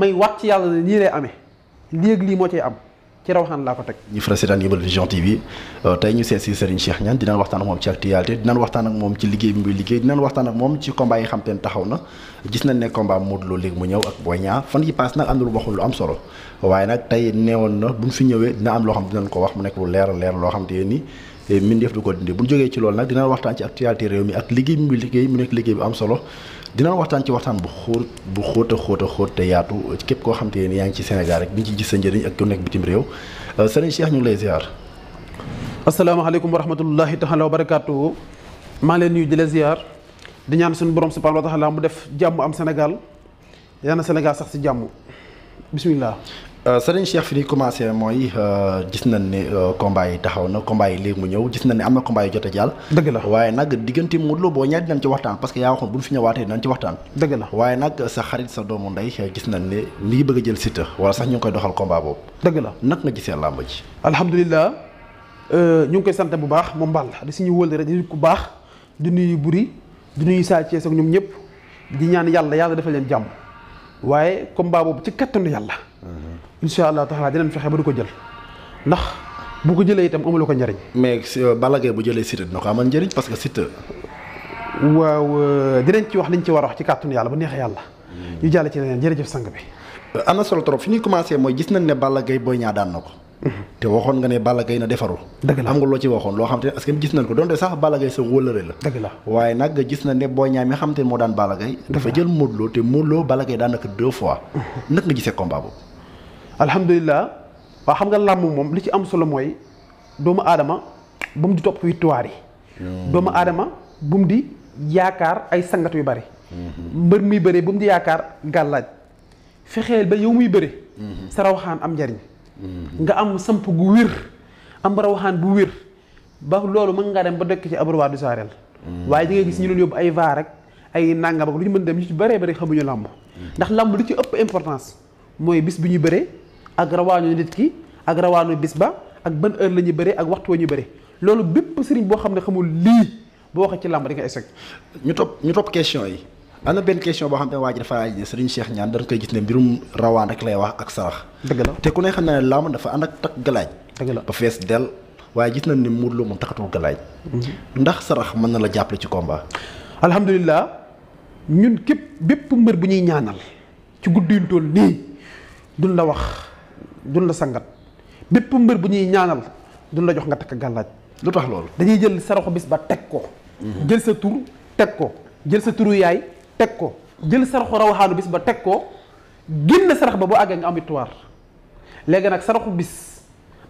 may wax ci yàlla ne lii lay amee léegi lii moo cay am ci rawaxaan laa ko teg. ñi faral di seetaan Yëmbël Vision TV euh, tey ñu seet si Serigne Cheikh Niane dinañ waxtaan ak moom ci actualité dinañ waxtaan ak moom ci liggéey bi muy liggéey dinañ waxtaan ak moom ci combat yi xam te ne taxaw na gis nañ ne combat Modou Lo léegi mu ñëw ak Boy Niang fan yi paas nag am na lu waxul lu am solo waaye nag tey neewoon na bu mu fi ñëwee dina am loo xam dinañ ko wax mu nekk lu leer leer loo xam te ni mbindeef du ko dindi bu ñu jógee ci loolu nag dina waxtaan ci actualité réew mi ak liggéey bi liggéey mu nekk liggéey bu am solo dina waxtaan ci waxtaan bu xóot bu xóot a xóot a xóot te yaatu képp koo xam te ne yaa ngi ci Sénégal rek di ci gis sa njëriñ ak ku nekk bitim réew euh, Serigne Cheikh ñu ngi lay ziar. asalaamaaleykum wa rahmatullahi taala wa barakaatu maa ngi leen nuyu di la ziar di ñaan suñu borom subhanahu wa taala mu def jàmm am senegal yal na Sénégal sax si jàmm bismillah Euh, sëriñ Cheikh fi ñuy commencé mooy euh, gis nañ ni euh, combat yi taxaw na combat yi léegi mu ñëw gis na ne am na combat yu jot a jàll. dëgg la waaye nag diggante Modou Lo boo ñaari dinañ ci waxtaan parce que yaa waxoon bu ñu fi ñëwaatee dinañ ci waxtaan. dëgg la waaye nag sa xarit sa doomu ndey gis nañ ne mi bëgg a jël Siteu wala sax ñu ngi koy doxal combat boobu. dëgg la nag nga gisee làmb ji. alhamdulilah ñu ngi koy sant bu baax moom Balla di suñu wël rek di ku baax di nuyu Buri di nuyu Sa Thiès ak ñoom ñëpp di ñaan yàlla yàlla defal leen jàmm waaye combat boobu ci kattanu yàlla hmm. incha allah taala dinañ fexe ba du ko jël ndax bu ko jëlee itam amuloo ko njëriñ. mais euh, Balla bu jëlee Siteu dina ko amal njëriñ parce que Siteu. waaw euh, dinañ ci wax liñ ci war a wax ci kàttanu yàlla bu neexee yàlla. Hmm. ñu jàll ci leneen jërëjëf sang bi. Euh, am na solo trop fi ñuy commencé mooy gis nañ ne Balla Gaye Boy Niang daan na ko. Hmm. te waxoon nga ne Balla Gaye na defaru dëgg am nga loo ci waxoon loo xam te ne askan gis nañ ko donte sax Balla Gaye sa wóllëre la. dëgg gis nañ ne Boy Niang mi xam ne moo daan Balla dafa jël Modou Lo te Modou Lo Balla Gaye daan fois. Hmm. naka nga gisee combat boobu. alhamdulilah waa xam nga làmb moom li ci am solo mooy doomu aadama bu mu di topp victoire yi. Hmm. doomu aadama bu mu di yaakaar ay sangat yu bari. Hmm. mbër muy bëree bu mu di yaakaar gàllaaj fexeel ba yow muy bëri. Hmm. sa rawaxaan am njariñ nga am samp gu wér am rawaxaan bu wér ba loolu mën nga dem ba dëkk ci abrowaa du saareel waaye di nga gis ñu leen yóbbu ay vaar rek ay nangam ak lu ñu mën dem ñu ci bëree bëri xamuñu làmb ndax làmb lu ci ëpp importance mooy bis bi ñuy bëree ak rawaanu nit ki ak bis ba ak ban heure la ñuy bëre ak waxtu wa ñuy bëre loolu bépp sëriñ boo xam ne xamul lii boo waxee ci làmb di nga échec. ñu topp ñu topp question yi am na benn question boo xam ne waa ji dafa laaj ne sëriñ Cheikh Niane dañ koy gis ne mbirum rawaan rek lay wax ak sarax. dëgg te ku ne xam na ne làmb dafa ànd ak takk galaaj. dëgg la ba fees dell waaye gis nañ ne Modou Lo moom takkatul galaaj. Mhm. ndax sarax mën na la jàppale ci combat. alhamdulilah ñun képp bépp mbër bu ñuy ñaanal ci guddi yu toll nii la wax. duñ la sangat bépp mbër bu ñuy ñaanal duñ la jox nga takk gàllaaj lu tax loolu dañuy jël saraxu bis ba teg ko mhm. jël sa tur teg ko jël sa turu yaay teg ko jël saraxu rawaxaanu bis ba teg ko génn sarax ba boo àggee nga am victoire léegi nag saraxu bis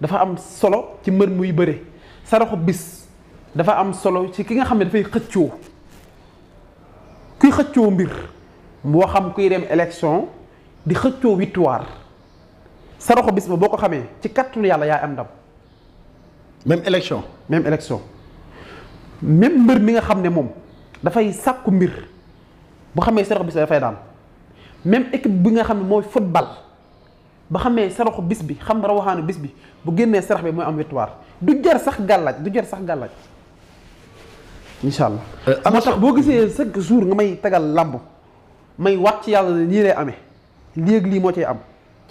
dafa am solo ci mbër muy bëre saraxu bis dafa am solo ci ki nga xam ne dafay xëccoo kuy xëccoo mbir moo xam kuy dem élection di xëccoo victoire sa bis ba boo ko xamee ci kattanu yàlla yaay am ndam. même élection. même élection même mbër mi nga xam ne moom dafay sàkku mbir bu xamee sa roxo bis ba dafay daan même équipe bi nga xam ne mooy football ba xamee sa bis bi xam rawaxaanu bis bi bu génnee sarax bi mooy am victoire du jar sax gàllaaj du jar sax gàllaaj incha allah. Euh, moo tax boo gisee chaque jour nga may tagal làmb may wax ci yàlla lii lay amee léegi lii moo cay am.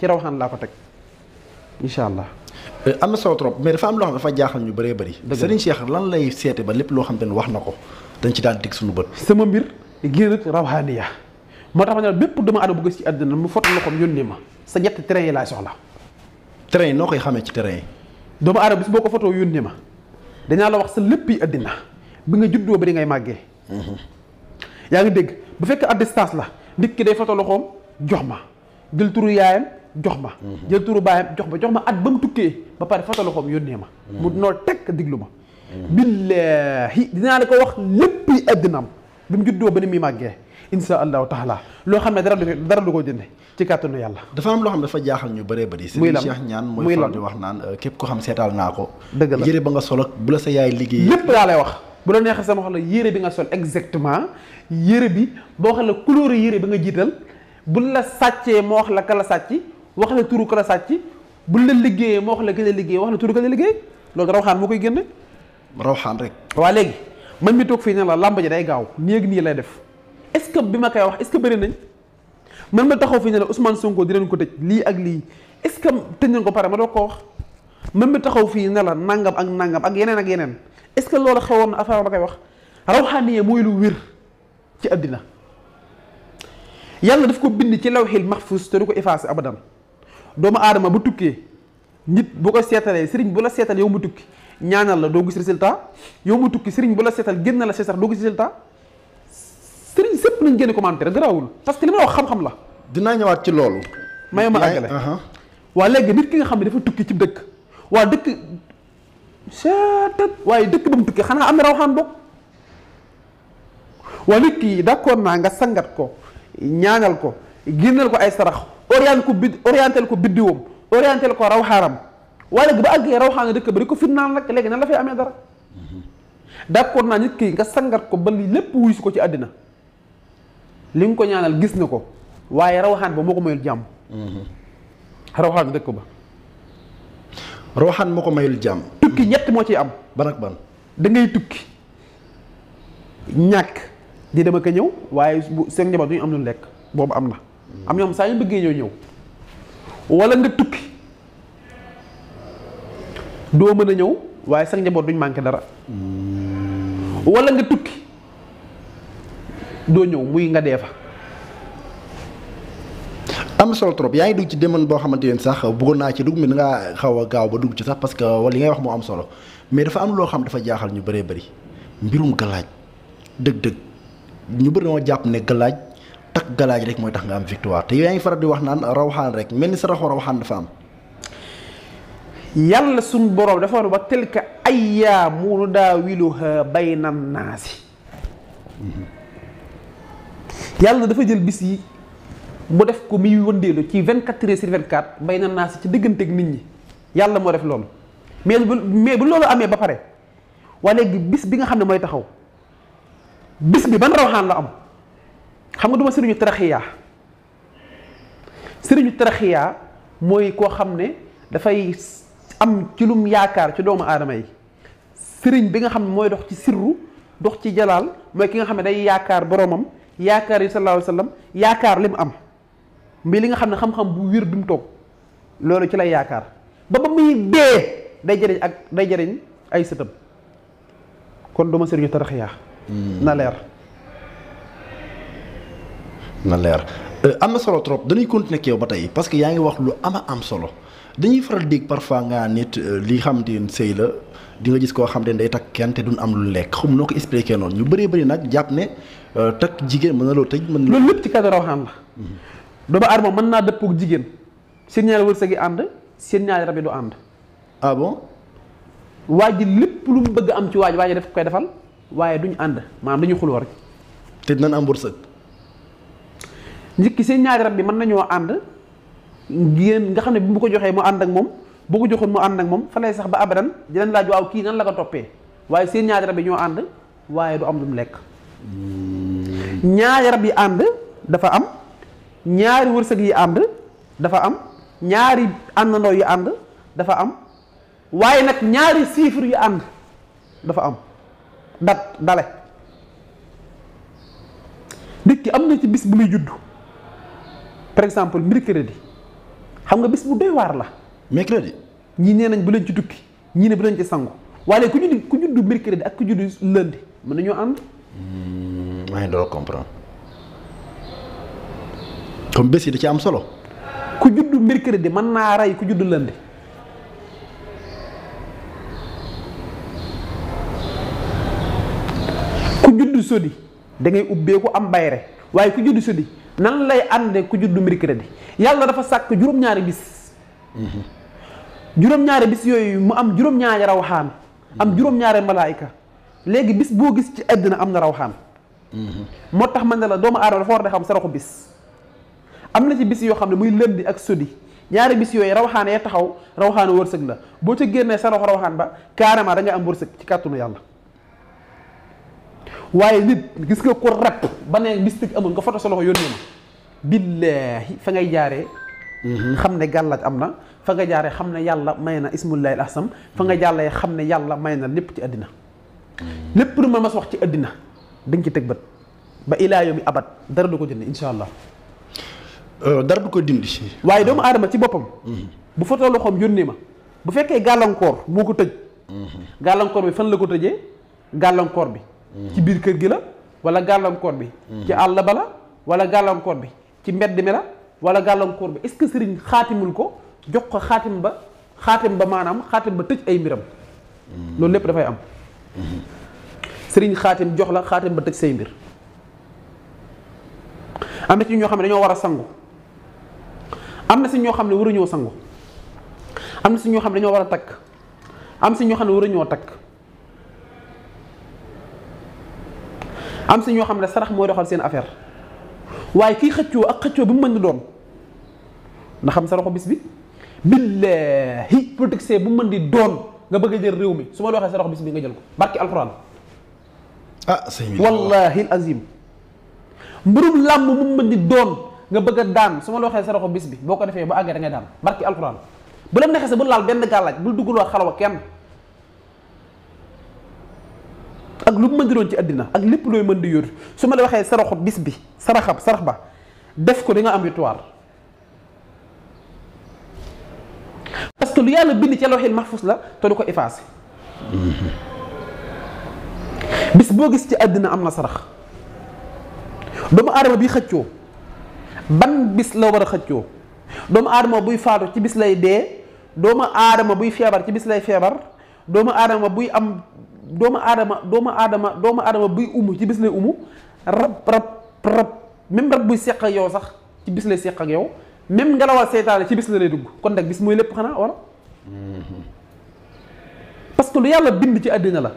ci rawaxaan laa ko teg incha allah. Eh, am na solo trop mais dafa am loo xam dafa jaaxal ñu baree bari dëgg Serigne Cheikh lan lay seete ba lépp loo xam te ne wax na ko dañ ci daan dig suñu bët. sama mbir génn ak rawaxaaniya moo tax ma ne bépp dama ànd bu gis ci àddina mu fotal loxoom yónnee ma sa ñetti terrain yi laay soxla. terrain yi noo koy xamee ci terrain yi. doomu aadama bis boo ko fotoo yónnee ma dañaa la wax sa lépp yi àddina bi nga juddoo ba di ngay màggee. Mhm. yaa ngi dégg bu fekkee à distance la nit foto loxoom jox ma jël turu jox ma jël turu baayam jox ma jox ma at ba mu tukkee ba pare foto loxoom yónnee ma mu mm. nool teg diglu ma billaahi dinaa la ko wax lépp yi addinaam bi mu juddoo ba ni muy màggee insha allahu taala loo xam ne dara du dara du ko jënde ci kàttanu yàlla dafa am loo xam ne dafa jaaxal ñu bëree bëri sëñ Cheikh ñaan mooy faral di wax naan euh, képp ko xam seetaal naa ko dëgg la yére ba nga solo bu la sa yaay liggéey lépp laa lay wax bu la neexee sama xol la yére bi nga sol exactement yére bi boo xam ne couleur yére bi nga jiital bu la sàccee moo wax la ka la sàcc wax la turu kala sàcc buñ la liggéeyee moo wax la gën a liggéey wax la turu gën a liggéey loolu rawxaan moo koy génne. rawxaan rek. waa léegi man mi toog fii ne la làmb ji day gaaw nii nii lay def est ce que bi ma koy wax est ce que bëri nañ man ma taxaw fii ne la Ousmane Sonko dinañ ko tëj lii ak lii est ce que tëj nañ ko pare ma doog ko wax man mi taxaw fii ne la nangam ak nangam ak yeneen ak yeneen est ce que loolu xewoon na affaire ma koy wax rawxaaniye mooy lu wér ci àddina yàlla daf ko bind ci lawxil maxfuus te du ko effacé abadan doomu aadama bu tukkee nit boo ko seetalee sëriñ bu la seetal yow mu tukki ñaanal la doo gis résultat yow mu tukki sëriñ bu la seetal génn la seetal doo gis résultat sëriñ sëpp nañ génn commentaire garaawul parce que li ma wax xam-xam la. dinaa ñëwaat ci loolu. may ma àggale uh-huh. waa léegi nit ki nga xam ne dafa tukki ci dëkk waa dëkk seetat waaye dëkk ba mu tukki xanaa am na rawxaan bokk waa nit ki d'accord naa nga sangat ko ñaanal ko génnal ko ay sarax orienté ko bid orienté ko biddiwam orienté ko raw xaaram waaye nag ba àggee raw xaana dëkk ba di ko fitnaan nag léegi nan la fay amee dara mhm. d'accord naa nit ki nga sangat ko ba li lépp wuy si ko ci àddina li nga ko ñaanal gis nga ko waaye raw xaan ba moo ko mayul jàmm mhm. raw ba raw moo ko mayul jàmm tukki ñett moo ciy am ban ak ban tukki ñàkk di dem ak a ñëw waaye seen njaboot duñu am lu lekk boobu am na am ñoom saa yu bëggee ñoo ñëw walla nga tukki doo mën a ñëw waaye sax njaboot duñ manqué dara wala nga tukki doo ñëw muy nga dee fa am solo trop yaa ngi dugg ci deman boo xamante ne sax bëggoon naa ci dugg mi dangaa ngaa xaw a gaaw ba dugg ci sax parce que li ngay wax moo am solo mais dafa am loo xam dafa jaaxal ñu bëree bari mbirum galaaj dëgg-dëgg ñu bëri na jàpp ne galaaj. takk galaaj rek mooy tax nga am victoire te yaa ngi faral di wax naan rawxaan rek mel ni sa raxu rawxaan dafa am. yàlla suñ borom dafa wax ba tilka ayyaamu nudaawiluhaa bayna naasi yàlla dafa jël bis yi bu def ko muy wëndeelu ci vingt 24 heures sur 24 bayna naasi ci diggante ak nit ñi yàlla moo def loolu mais bu mais bu loolu amee ba pare waa léegi bis bi nga xam ne mooy taxaw bis bi ban rawxaan la am. xam nga du ma sëriñu taraxiyaa sëriñu taraxiyaa mooy koo xam ne dafay am ci lum yaakaar ci doomu aadama yi sëriñ bi nga xam ne mooy dox ci sirru dox ci jalaal mooy ki nga xam ne day yaakaar boromam yaakaar yu sallallahu alayhi wa yaakaar li am mbi li nga xam ne xam-xam bu wér bi mu toog loolu ci lay yaakaar ba ba muy dee day jëriñ ak day jëriñ ay sëtam kon du ma sëriñu taraxiyaa hmm. na na leer euh, am na solo trop dañuy continuer ak yow ba tey parce que yaa ngi wax lu ama am solo dañuy faral dégg parfois nga nit euh, li xam te sëy la di nga gis koo xam te day takk kenn te duñ am lu lekk xam noo ko expliqué noonu ñu bëree bëri nag jàpp ne euh, takk jigéen mën na loo tëj. mën loolu lépp ci cadre rawxaan la. Mhm. doomu aadama mën naa dëppoo jigéen seen ñaari wërsëg yi ànd seen ñaari rab yi du ànd. ah bon. waa ji lépp lu mu bëgg am ci waa ji waa ji koy defal waaye duñ ànd maanaam dañuy xuloo rek. te dinañ am njëkki seen ñaari rab bi mën nañoo ànd ngeen nga xam ne bi mu ko joxee mu ànd ak moom bu ko joxoon mu ànd ak moom fa lay sax ba abadan dinañ laaj waaw kii nan la ko toppee waaye seen ñaari rab yi ñoo ànd waaye du am lu mu lekk ñaari rab yi ànd dafa am ñaari wërsëg yi ànd dafa am ñaari àndandoo yu ànd dafa am waaye nag ñaari chiffre yi ànd dafa am dat dale nit ki am na ci bis bu muy juddu par exemple mercredi xam nga bis bu doy waar la. mercredi. ñii nee nañ bu leen ci tukki ñii ne bu leen ci sangu waaye ku judd ku juddu ak ku juddu lundi mën nañoo ànd. maa hmm, ngi doon comprendre ci am solo. ku juddu mercredi mën naa rey ku juddu lundi. ku juddu sodi da ngay ubbeeku am bayre waaye ku juddu sodi. nan lay ànde ku juddu mercredi yàlla dafa sàkk juróom-ñaari bis mhm. juróom-ñaari bis yooyu mu am juróom-ñaari rawaxaan am mhm. juróom-ñaari malaayika léegi bis boo gis ci àddina am na rawxaan mhm. moo tax man ne la doomu aadama dafa war a xam saraxu bis am na ci bis yoo xam ne muy lëndi ak sodi ñaari bis yooyu rawxaan ya taxaw rawxaanu wërsëg la boo ci génnee saraxu rawxaan ba carrément da nga am wërsëg ci kàttunu yàlla waaye nit gis nga ko rep ba ne mystique amul nga foto sa loxo yónnee ma billaahi fa ngay jaaree mhm. xam ne gàllaaj am na fa nga jaaree xam ne yàlla may na ismullahi al ahsam fa nga jàllee xam ne yàlla may na lépp ci àddina lépp lu ma mas wax ci àddina dañ ci teg bët ba ilaa yomi abat dara du ko dindi insha allah euh, dara du ko dindi waaye doomu aadama ci boppam mhm. bu foto loxoom yónnee ma bu fekkee gàllankoor moo ko tëj mhm. gàllankoor bi fan la ko tëjee gàllankoor bi ci biir kër gi la wala gàllankoor bi ci àll ba la wala gàllankoor bi ci mbedd mi la wala gàllankoor bi est-ce que sëriñ xaatimul ko jox ko xaatim ba xaatim ba maanaam xaatim ba tëj ay mbiram loolu lépp dafay am sëriñ xaatim jox la xaatim ba tëj say mbir am na ci ñoo xam ne dañoo war a sangu am na si ñoo xam ne waruñoo sangu am na si ñoo xam ne dañoo war a takk am si ñoo xam ne waruñoo takk am si ñoo xam ne sarax mooy doxal seen affaire waaye kii xëccoo ak xëccoo bi mu mën di doon na xam saraxu bis bi billaahi politique bu mën di doon nga bëgg a jël réew mi su ma doxee saraxu bis bi nga jël ko barki alxuraan ah sëñ bi wallaahi azim mbirum làmb mu mën di doon nga bëgg daan su ma doxee saraxu bis bi boo ko defee ba àggee da ngay daan barki alxuraan bu la neexee sa bu laal benn gàllaaj bul duggaloo xalawa kenn ak lu mu mën di doon ci àddina ak lépp looy mën di yóotu su ma la waxee saraxu bis bi saraxab sarax ba def ko di nga am victoire parce que lu yàlla bind ci lawhil mahfuz la te du ko effacé bis boo gis ci àddina am na sarax doomu aadama bi xëccoo ban bis la war a xëccoo doomu aadama buy faatu ci bis lay dee doomu aadama buy feebar ci bis lay feebar doomu aadama buy am doomu aadama doomu aadama doomu adama buy umu ci bis lay umu rab rab rab même rab buy seq ak yow sax ci bis lay seq ak yow même ngelawal seytaane ci bis la lay dugg kon nag bis mooy lépp xanaa wala parce que lu yàlla bind ci àddina la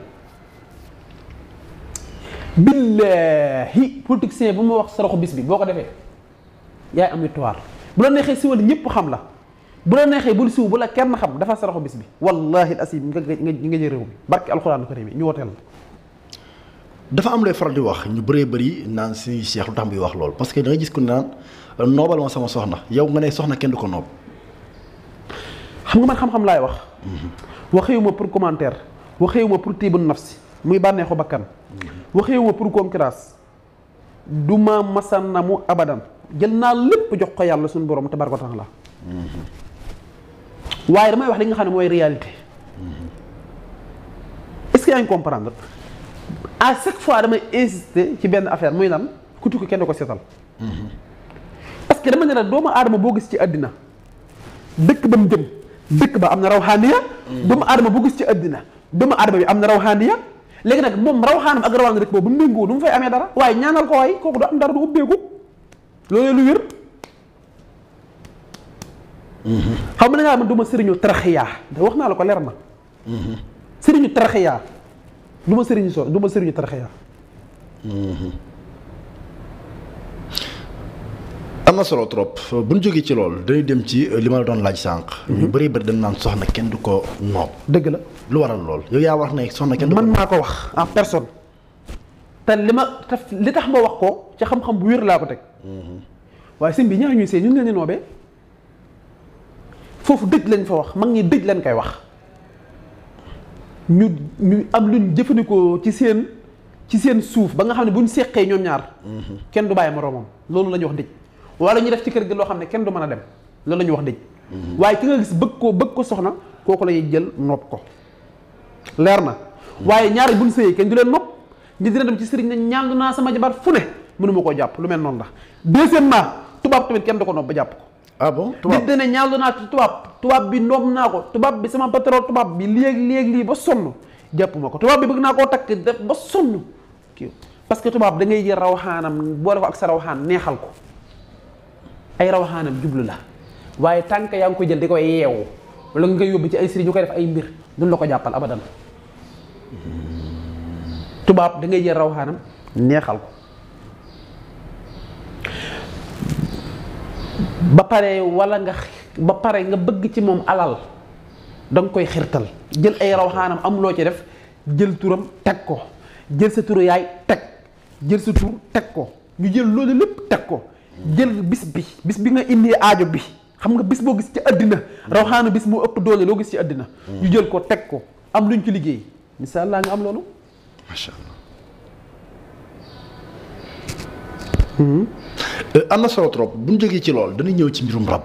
billaahi politicien bu ma wax saraxu bis bi boo ko defee yaay am victoire bu la neexee siwal ñëpp xam la bu la neexee bul siw bu la kenn xam dafa saraxu bis bi wallahi asim nga nga nga jël réew mi barke am lay faral di wax ñu bëree bëri naan suñuy seex lu tax wax loolu parce que da nga gis ku naan noobal ma sama soxna yow nga ne soxna kenn ko noob. xam nga man xam-xam laay wax. Mhm. waxewuma pour commentaire waxewuma pour tiibul muy bànneexu bakkan. Mhm. waxewuma pour concurrence du ma masan na mu abadan jël naa lépp jox ko yàlla suñu borom te tabaraka la waaye damay wax li nga xam ne mooy réalité est-ce que yaa ngi comprendre à chaque fois damay insister ci benn affaire muy lan ku tukki kenn ko seetal. parce que dama ne la doomu adama boo gis ci àddina dëkk ba mu jëm dëkk ba am na raw rawxaaniya. doomu aadama boo gis ci àddina doomu aadama bi am na rawxaaniya léegi nag moom rawxaanam ak rawaan dëkk boobu bu mu méngoo du mu fay amee dara waaye ñaanal ko waay kooku du am dara du ubbeeku loolu lu xam nga ngaa man du ma sëriñu taraxiyaa wax naa la ko leer na. sëriñu taraxiyaa du ma sëriñu so du ma sëriñu taraxiyaa. am na solo trop bu ñu jógee ci loolu dañuy dem ci euh, li ma la doon laaj sànq. Mhm. ñu bëri bëri dañ naan soxna kenn du ko noob. dëgg la lu waral lool yow yaa wax na soxna kenn du ko man maa ko wax a personne. te li ma li tax ma wax ko ci xam-xam bu wér laa ko teg. Mhm. waaye sëñ bi ñaar ñuy sëy foofu dëj lañ fa wax mag ñi dëj leen koy wax ñu ñu am luñ jëfandikoo ci seen ci seen suuf ba nga xam ne buñ seqee ñoom ñaar mhm. kenn du bàyyi moroomam loolu la ñuy wax dëj wala ñu def ci kër gi loo xam ne kenn du mën a dem loolu la ñuy wax dëj mhm. waaye ki nga gis bëgg ko bëgg ko soxna kooku la ñuy jël nopp ko leer na mhm. waaye ñaari buñ sëyee kenn du leen nopp ni dina dem ci sëriñ ne ñàng naa sama jabaat fu ne mënuma koo jàpp lu mel noonu la deuxièmement tubaab tamit kenn du ko nopp ba jàpp ko ah bon tubaab nit dana ñaalu tubaab bi noom naa ko tubaab bi sama patron tubaab bi léeg léegi lii ba sonn jàppuma ko tubaab bi bëgg naa koo takk def ba sonn kii parce que tubaab da ngay jël rawaxaanam boole ak sa rawaxaan neexal ko ay jublu la waaye tànk yaa ngi koy jël di koy yeewu wala nga koy yóbbu ci ay sëriñ ñu koy def ay mbir duñ la ko jàppal abadan hmm. tubaab da ngay jël rawaxaanam neexal ko ba pare wala nga ba pare nga bëgg ci moom alal danga koy xirtal jël ay rawxaanam am loo ci def jël turam teg ko jël sa turu yaay teg jël sa tur teg ko ñu jël loolu lépp teg ko jël bis bi bis bi nga indi aajo bi xam nga bis boo gis ci àddina rawxaanu bis moo ëpp doole loo gis ci àddina ñu jël ko teg ko am luñ ci liggéey misaal laa nga am loolu macha Euh, am na solo trop bu ñu jógee ci lool dana ñëw ci mbirum rab.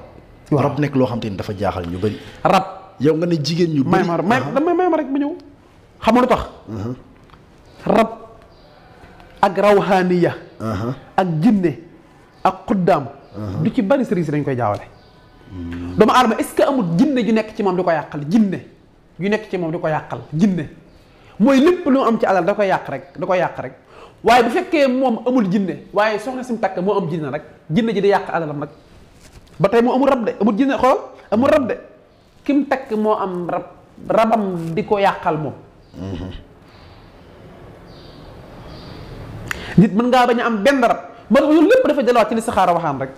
rab nekk loo xam te ni dafa jaaxal ñu bëri. rab yow nga ne jigéen ñu. bëri ah. may ma rek mu ñëw. xam nga lu tax. Uh-huh. rab ak ya uh-huh. ak jinne ak xuddaam. Uh-huh. du ci bari sëriñ dañ koy jaawale. doomu aadama est-ce que amul jinne ju nekk ci moom di ko yàqal jinne ju nekk ci moom di yàqal jinne mooy lépp lu am ci alal da koy yàq rek da koy yàq rek. waaye bu fekkee moom amul jinne waaye soxna sim takk moo am jinne rek jinne ji di yàq alalam nag ba tey moo amul rab de amul jinne de kim takk moo am rab rabam di ko yàqal moom nit mën ngaa bañ am benn rab moo tax yooyu lépp dafa jëlaat ci li saxaara rek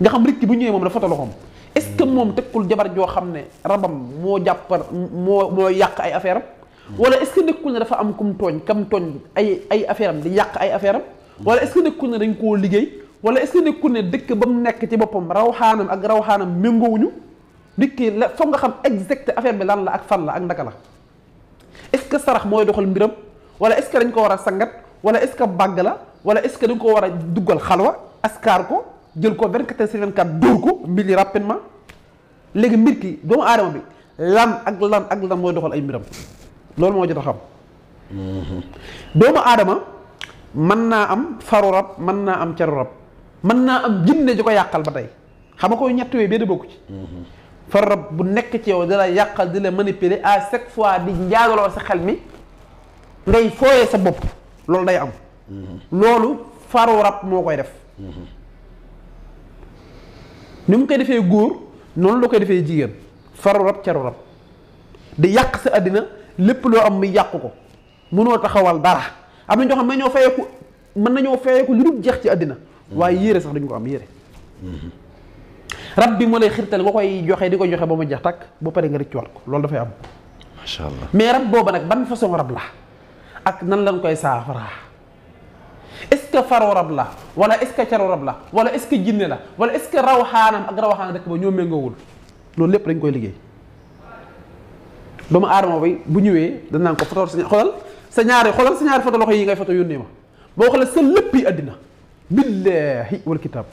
nga xam rikki bu ñëwee moom dafa tollu xom est-ce que moom tekkul jabar joo xam ne rabam moo jàpp moo moo yàq ay affaire wala est-ce que nekkul ne dafa am kum tooñ kam tooñ ay ay affaire di yàq ay affaire am. wala est-ce que nekkul ne dañ koo liggéey. wala est-ce nekkul ne dëkk ba mu nekk ci boppam rawxaanam ak rawxaanam méngoowuñu wuñu ki la foog nga xam exact affaire bi lan la ak fan la ak ndaka la est-ce que sarax mooy doxal mbiram wala est-ce que dañ ko war a sangat wala est-ce que bàgg la wala est-ce que dañ ko war a duggal xalwa askar ko jël ko 24 sur 24 dóor ko mbir yi rapidement léegi mbir ki doomu aadama bi lan ak lan ak lan mooy doxal ay loolu moo jot a xam. doomu aadama mën naa am faru rab mën naa am caru rab mën naa am jinne ji ko yàqal ba tey xam nga ko ñett yooyu benn bokku ci. faru rab bu nekk ci yow di la yàqal di la manipuler à chaque fois di njaagaloo sa xel mi ngay fooyee sa bopp loolu day am. loolu faru rab moo koy def. ni mu koy defee góor noonu la koy defee jigéen faru rab caru rab di yàq sa àddina. lépp loo am muy yàqu ko mënoo taxawal dara am na jox xam ne ñoo fayeeku na nañoo fayeeku lu dul jeex ci àddina waaye yére sax dañu ko am yére rab bi moo lay xirtal nga koy joxe di ko joxe ba mu jeex takk ba paree nga rëccuwaat ko loolu dafay am macha allah mais rab booba nag ban façon rab la ak nan lañ koy saafaraa est-ce que faro rab la wala est-ce rab la wala est-ce que jinne la wala est-ce que raw xaanam ak raw xaanam rek ba ñoo méngoowul loolu lépp dañ koy liggéey doomu aadama bi bu ñëwee danaan ko foto sa sa ñaari xolal sa ñaari foto loxo yi ngay foto yónnee ma boo xoolee sa lépp yi àddina billaahi wal kitaab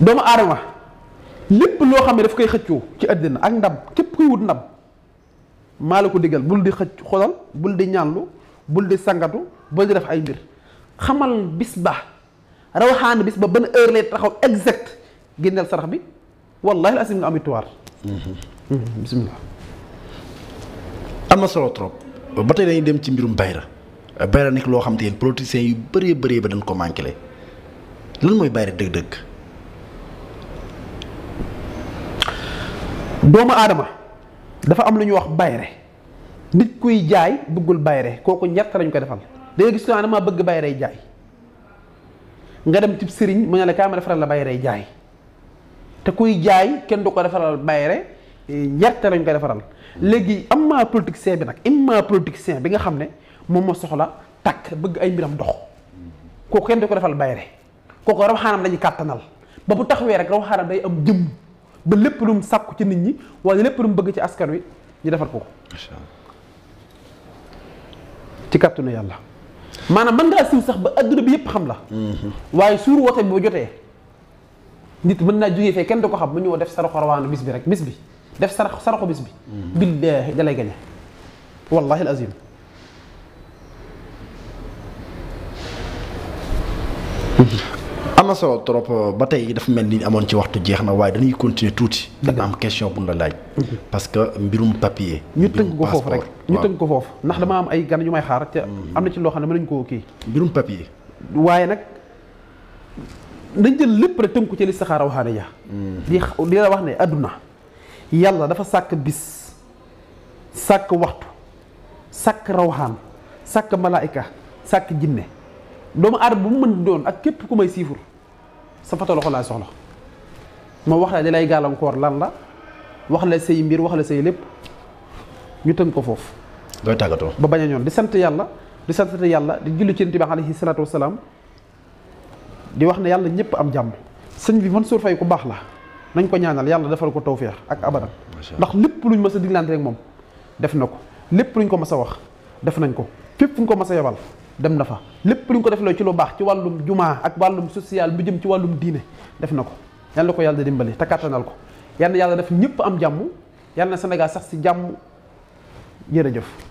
doomu aadama lépp loo xam ne daf koy xëccoo ci àddina ak ndab képp koy wut ndab maa la ko diggal bul di xëcc xolal bul di ñaanlu bul di sangatu bul di def ay mbir xamal bis ba rawaxaan bis ba ban heure lay taxaw exact génneel sarax bi wallaahi la asim nga am victoire Mmh. bisimilah. am na solo trop ba tey dañuy dem ci mbirum bayra bayra nekk loo xam te ne politiciens yu bëree bëree ba dañ ko manqué lan mooy bayra dëgg-dëgg. doomu aadama dafa am lu ñuy wax bayre nit kuy jaay bëggul bayre kooku ñett lañu koy defal da ngay gis ne damaa bëgg bayre jaay nga dem ci sëriñ mu ne la kaay ma defaral la bayre jaay. te kuy jaay kenn du ko defaral bayre ñett eh, lañ ko defaral léegi am maa politicien bi nag imma politicien bi nga xam ne moom moo soxla takk bëgg ay mbiram dox kooku kenn du ko defal bayre kooku raw xaanam dañuy kàttanal ba bu taxawee rek raw xaanam day am jëm ba lépp lu mu sàkku ci nit ñi wala lépp lu mu bëgg ci askan wi ñu defal ko ci kàttanu yàlla maanaam mën ngaa siiw sax ba adduna bi yépp xam la mm-hmm. waaye suur woote bi ba jotee nit mën naa jógee fee kenn du ko xam mu ñëw def saraxo rawaanu bis bi rek bis bi def sarax saraxo bis bi mm. billaahi dalay gañe wallahi alazim am na solo trop ba tey dafa mel ni amoon ci waxtu jeex na waaye dañuy continuer tuuti dana am question bu la laaj parce que mbirum papier ñu tënk ko foofu rek ñu tënk ko foofu ndax dama am ay gan yu may xaar te mm. am na ci loo xam ne mënuñ koo kii mbirum papier waaye nag dañ jël lépp rek tënku ci li saxaar waxaane ja di di la wax ne àdduna yàlla dafa sàkk bis sàkk waxtu sàkk rawaxaan sàkk malaayika sàkk jinne doomu aadama bu mu mën doon ak képp ku may siifur sa fata loxo laay soxla ma wax la li lay gàllankoor lan la wax la say mbir wax la say lépp ñu tënk ko foofu. dooy tàggatoo ba bañ ñoon di sant yàlla di sant yàlla di julli ci Yonent bi alayhi salaatu salaam di wax na yàlla ñëpp am jàmm sëñ bi Mansour Faye ku baax la nañ ko ñaanal yàlla defal ko tawféex ak abadan ndax lépp luñ mës a diglante moom def na ko lépp luñ ko mës a wax def nañ ko fépp fuñ ko mës a yebal dem na fa lépp luñ ko def loo ci lu baax ci wàllum jumaa ak wàllum social bu jëm ci wàllum diine def na ko yàlla ko yàlla dimbali te kàttanal ko yàlla yàlla def ñëpp am jàmm yàlla na Sénégal sax si jàmm jëf